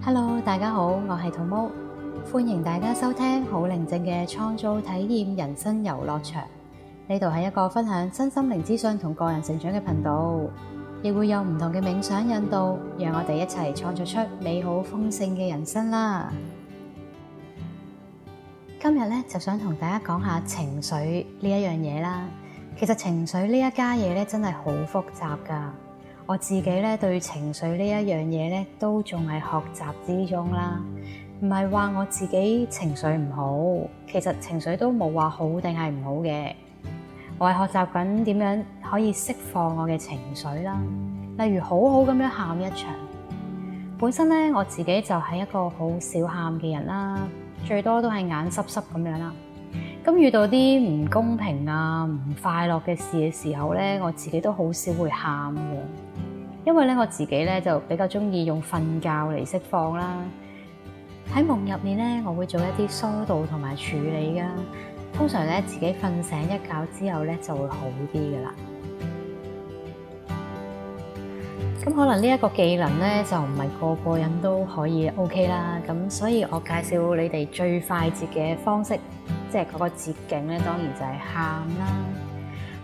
Hello，大家好，我係 Tomo，歡迎大家收聽好寧靜嘅創造體驗人生遊樂場。呢度係一個分享新心靈資訊同個人成長嘅頻道，亦會有唔同嘅冥想引導，讓我哋一齊創造出美好豐盛嘅人生啦。今日咧，就想同大家講下情緒呢一樣嘢啦。其實情緒呢一家嘢咧，真係好複雜噶。我自己咧對情緒呢一樣嘢，咧都仲係學習之中啦，唔係話我自己情緒唔好，其實情緒都冇話好定係唔好嘅，我係學習緊點樣可以釋放我嘅情緒啦。例如好好咁樣喊一場，本身咧我自己就係一個好少喊嘅人啦，最多都係眼濕濕咁樣啦。咁遇到啲唔公平啊、唔快樂嘅事嘅時候咧，我自己都好少會喊嘅，因為咧我自己咧就比較鍾意用瞓覺嚟釋放啦。喺夢入面咧，我會做一啲疏導同埋處理㗎。通常咧，自己瞓醒一覺之後咧，就會好啲㗎啦。咁可能呢一個技能咧，就唔係個個人都可以 OK 啦。咁所以我介紹你哋最快捷嘅方式。即係嗰個捷徑咧，當然就係喊啦。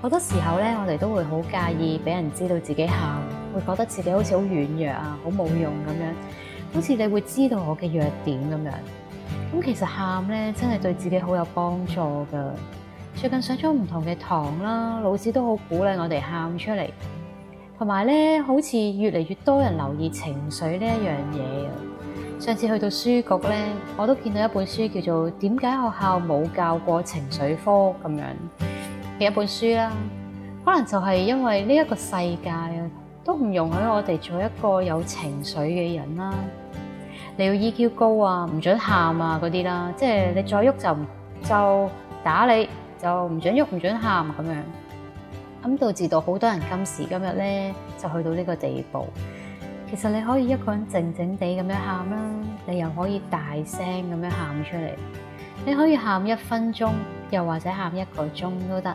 好多時候咧，我哋都會好介意俾人知道自己喊，會覺得自己好似好軟弱啊，好冇用咁樣，好似你會知道我嘅弱點咁樣。咁其實喊咧真係對自己好有幫助噶。最近上咗唔同嘅堂啦，老師都好鼓勵我哋喊出嚟，同埋咧好似越嚟越多人留意情緒呢一樣嘢啊。上次去到書局咧，我都見到一本書叫做《點解學校冇教過情緒科》咁樣嘅一本書啦。可能就係因為呢一個世界都唔容許我哋做一個有情緒嘅人啦。你要 EQ 高啊，唔准喊啊嗰啲啦，即係你再喐就就打你，就唔准喐，唔准喊咁樣，咁導致到好多人今時今日咧就去到呢個地步。其實你可以一個人靜靜地咁樣喊啦，你又可以大聲咁樣喊出嚟。你可以喊一分鐘，又或者喊一個鐘都得。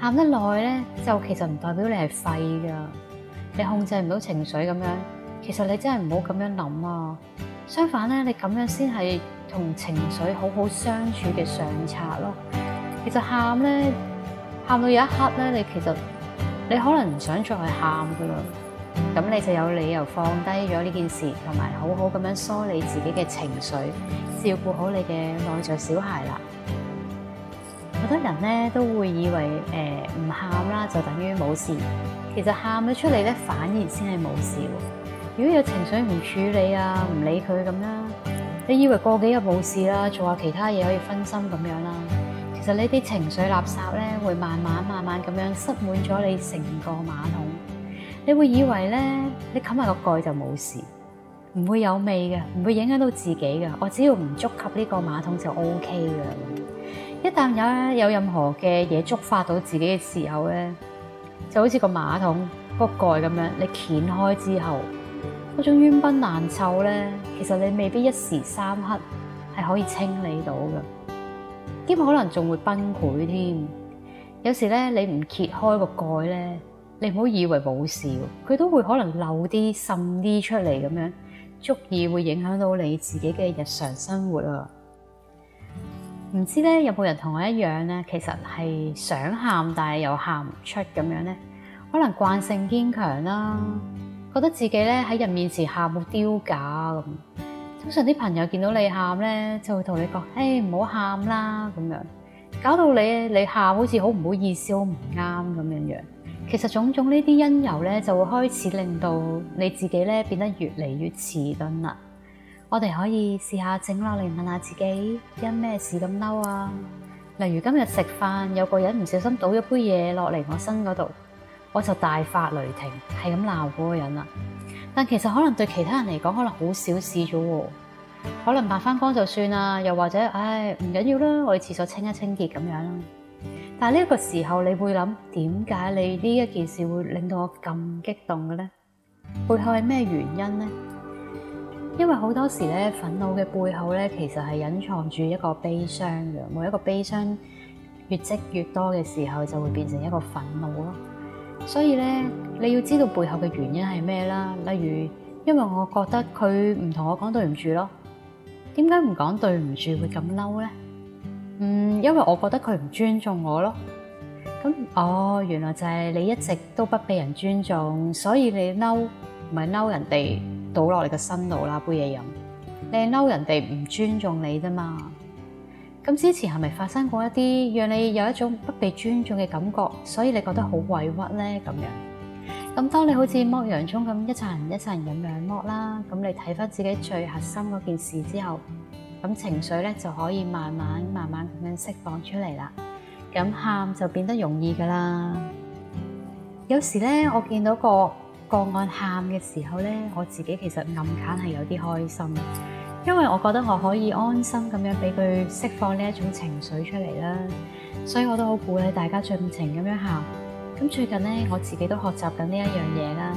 喊得耐咧，就其實唔代表你係廢噶，你控制唔到情緒咁樣。其實你真係唔好咁樣諗啊。相反咧，你咁樣先係同情緒好好相處嘅上策咯。其實喊咧，喊到有一刻咧，你其實你可能唔想再去喊噶啦。咁你就有理由放低咗呢件事，同埋好好咁樣梳理自己嘅情緒，照顧好你嘅內在小孩啦。好多人咧都會以為，誒唔喊啦就等於冇事，其實喊咗出嚟咧反而先係冇事。如果有情緒唔處理啊，唔理佢咁啦，你以為過幾日冇事啦，做下其他嘢可以分心咁樣啦，其實你啲情緒垃圾咧會慢慢慢慢咁樣塞滿咗你成個馬桶。你會以為咧，你冚埋個蓋就冇事，唔會有味嘅，唔會影響到自己嘅。我只要唔觸及呢個馬桶就 O K 噶。一旦有有任何嘅嘢觸發到自己嘅時候咧，就好似個馬桶，個蓋咁樣，你掀開之後，嗰種冤崩難臭咧，其實你未必一時三刻係可以清理到嘅，兼可能仲會崩潰添。有時咧，你唔揭開個蓋咧。你唔好以為冇事，佢都會可能漏啲滲啲出嚟咁樣，足以會影響到你自己嘅日常生活啊。唔知咧有冇人同我一樣咧？其實係想喊，但係又喊唔出咁樣咧。可能慣性堅強啦，覺得自己咧喺人面前喊會丟架咁。通常啲朋友見到你喊咧，就會同你講：誒唔好喊啦咁樣，搞到你你喊好似好唔好意思，好唔啱咁樣樣。其實種種呢啲因由咧，就會開始令到你自己咧變得越嚟越遲鈍啦。我哋可以試，試下整落嚟問下自己因咩事咁嬲啊？例如今日食飯，有個人唔小心倒一杯嘢落嚟我身嗰度，我就大發雷霆，係咁鬧嗰個人啦。但其實可能對其他人嚟講，可能好小事咗，哦，可能抹翻光就算啦，又或者唉唔、哎、緊要啦，我去廁所清一清潔咁樣啦。但係呢一個時候，你會諗點解你呢一件事會令到我咁激動嘅咧？背後係咩原因咧？因為好多時咧，憤怒嘅背後咧，其實係隱藏住一個悲傷嘅。每一個悲傷越積越多嘅時候，就會變成一個憤怒咯。所以咧，你要知道背後嘅原因係咩啦？例如，因為我覺得佢唔同我講對唔住咯，點解唔講對唔住會咁嬲咧？嗯，因為我覺得佢唔尊重我咯。咁哦，原來就係你一直都不被人尊重，所以你嬲，唔係嬲人哋倒落你嘅身度啦杯嘢飲，你係嬲人哋唔尊重你啫嘛。咁之前係咪發生過一啲讓你有一種不被尊重嘅感覺，所以你覺得好委屈咧咁樣？咁當你好似剝洋蔥咁一層一層咁樣剝啦，咁你睇翻自己最核心嗰件事之後。咁情緒咧就可以慢慢慢慢咁樣釋放出嚟啦，咁喊就變得容易噶啦。有時咧，我見到個個案喊嘅時候咧，我自己其實暗間係有啲開心，因為我覺得我可以安心咁樣俾佢釋放呢一種情緒出嚟啦。所以我都好鼓勵大家盡情咁樣喊。咁最近咧，我自己都學習緊呢一樣嘢啦。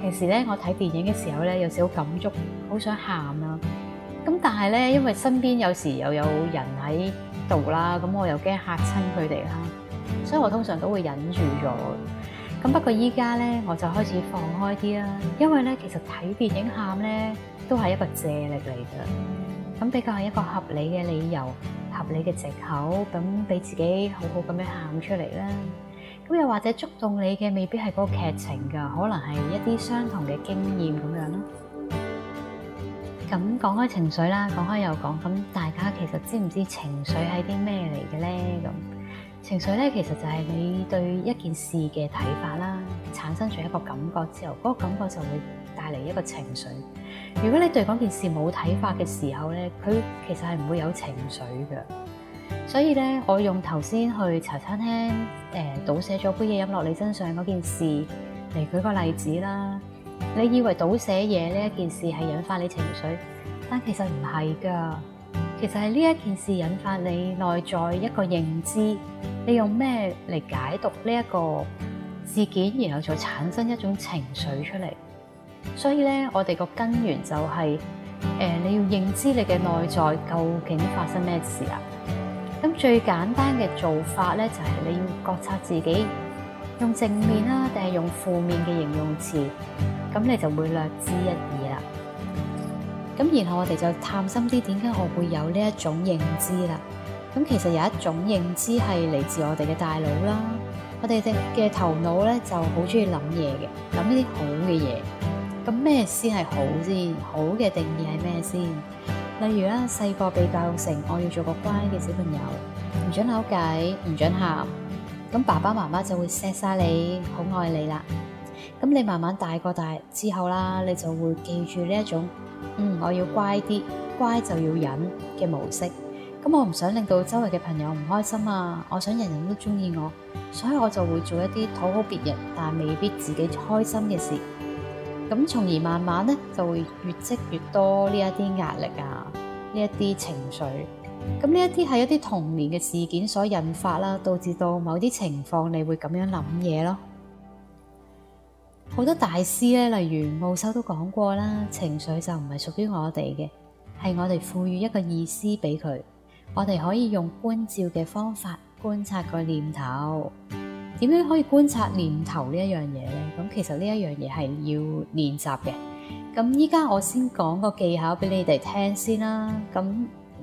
平時咧，我睇電影嘅時候咧，有少少感觸，好想喊啊！咁但係咧，因為身邊有時又有人喺度啦，咁我又驚嚇親佢哋啦，所以我通常都會忍住咗。咁不過依家咧，我就開始放開啲啦，因為咧其實睇電影喊咧都係一個借力嚟嘅，咁比較係一個合理嘅理由、合理嘅藉口，咁俾自己好好咁樣喊出嚟啦。咁又或者觸動你嘅未必係嗰個劇情㗎，可能係一啲相同嘅經驗咁樣咯。咁講開情緒啦，講開又講，咁大家其實知唔知情緒係啲咩嚟嘅咧？咁情緒咧，其實就係你對一件事嘅睇法啦，產生咗一個感覺之後，嗰個感覺就會帶嚟一個情緒。如果你對嗰件事冇睇法嘅時候咧，佢其實係唔會有情緒嘅。所以咧，我用頭先去茶餐廳，誒，倒瀉咗杯嘢飲落你身上嗰件事嚟舉個例子啦。你以為倒寫嘢呢一件事係引發你情緒，但其實唔係噶，其實係呢一件事引發你內在一個認知，你用咩嚟解讀呢一個事件，然後就產生一種情緒出嚟。所以咧，我哋個根源就係、是、誒、呃，你要認知你嘅內在究竟發生咩事啊？咁最簡單嘅做法咧，就係、是、你要覺察自己。用正面啦，定係用負面嘅形容詞，咁你就會略知一二啦。咁然後我哋就探深啲，點解我會有呢一種認知啦？咁其實有一種認知係嚟自我哋嘅大腦啦，我哋嘅頭腦咧就好中意諗嘢嘅，諗呢啲好嘅嘢。咁咩先係好先？好嘅定義係咩先？例如啦、啊，細個被教成我要做個乖嘅小朋友，唔准扭計，唔准喊。咁爸爸媽媽就會錫晒你，好愛你啦。咁你慢慢大個大之後啦，你就會記住呢一種，嗯，我要乖啲，乖就要忍嘅模式。咁我唔想令到周圍嘅朋友唔開心啊，我想人人都中意我，所以我就會做一啲討好別人，但係未必自己開心嘅事。咁從而慢慢咧就會越積越多呢一啲壓力啊，呢一啲情緒。咁呢一啲係一啲童年嘅事件所引發啦，導致到某啲情況你會咁樣諗嘢咯。好多大師咧，例如奧修都講過啦，情緒就唔係屬於我哋嘅，係我哋賦予一個意思俾佢。我哋可以用觀照嘅方法觀察個念頭，點樣可以觀察念頭呢一樣嘢咧？咁其實呢一樣嘢係要練習嘅。咁依家我先講個技巧俾你哋聽先啦。咁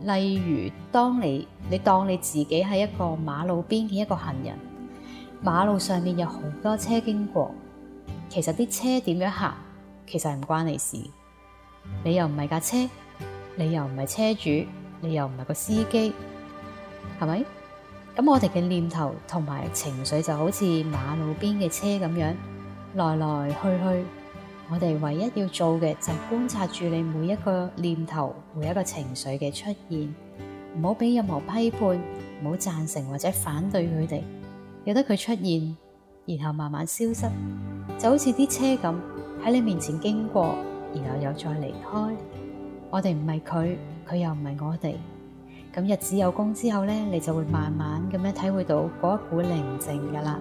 例如，當你你當你自己係一個馬路邊嘅一個行人，馬路上面有好多車經過，其實啲車點樣行，其實係唔關你事。你又唔係架車，你又唔係車主，你又唔係個司機，係咪？咁我哋嘅念頭同埋情緒就好似馬路邊嘅車咁樣，來來去去。我哋唯一要做嘅就係觀察住你每一個念頭，每一個情緒嘅出現，唔好俾任何批判，唔好贊成或者反對佢哋，由得佢出現，然後慢慢消失，就好似啲車咁喺你面前經過，然後又再離開。我哋唔係佢，佢又唔係我哋。咁日子有功之後咧，你就會慢慢咁樣體會到嗰一股寧靜噶啦。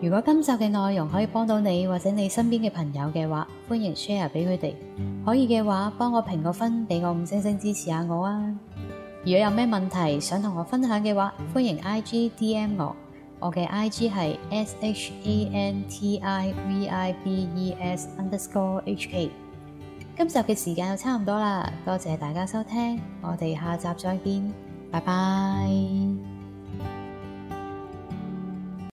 如果今集嘅內容可以幫到你或者你身邊嘅朋友嘅話，歡迎 share 俾佢哋。可以嘅話，幫我評個分，俾我五星星支持下我啊！如果有咩問題想同我分享嘅話，歡迎 I G D M 我。我嘅 I G 係 S H A N T I V I B E S underscore H K。今集嘅時間又差唔多啦，多謝大家收聽，我哋下集再見，拜拜。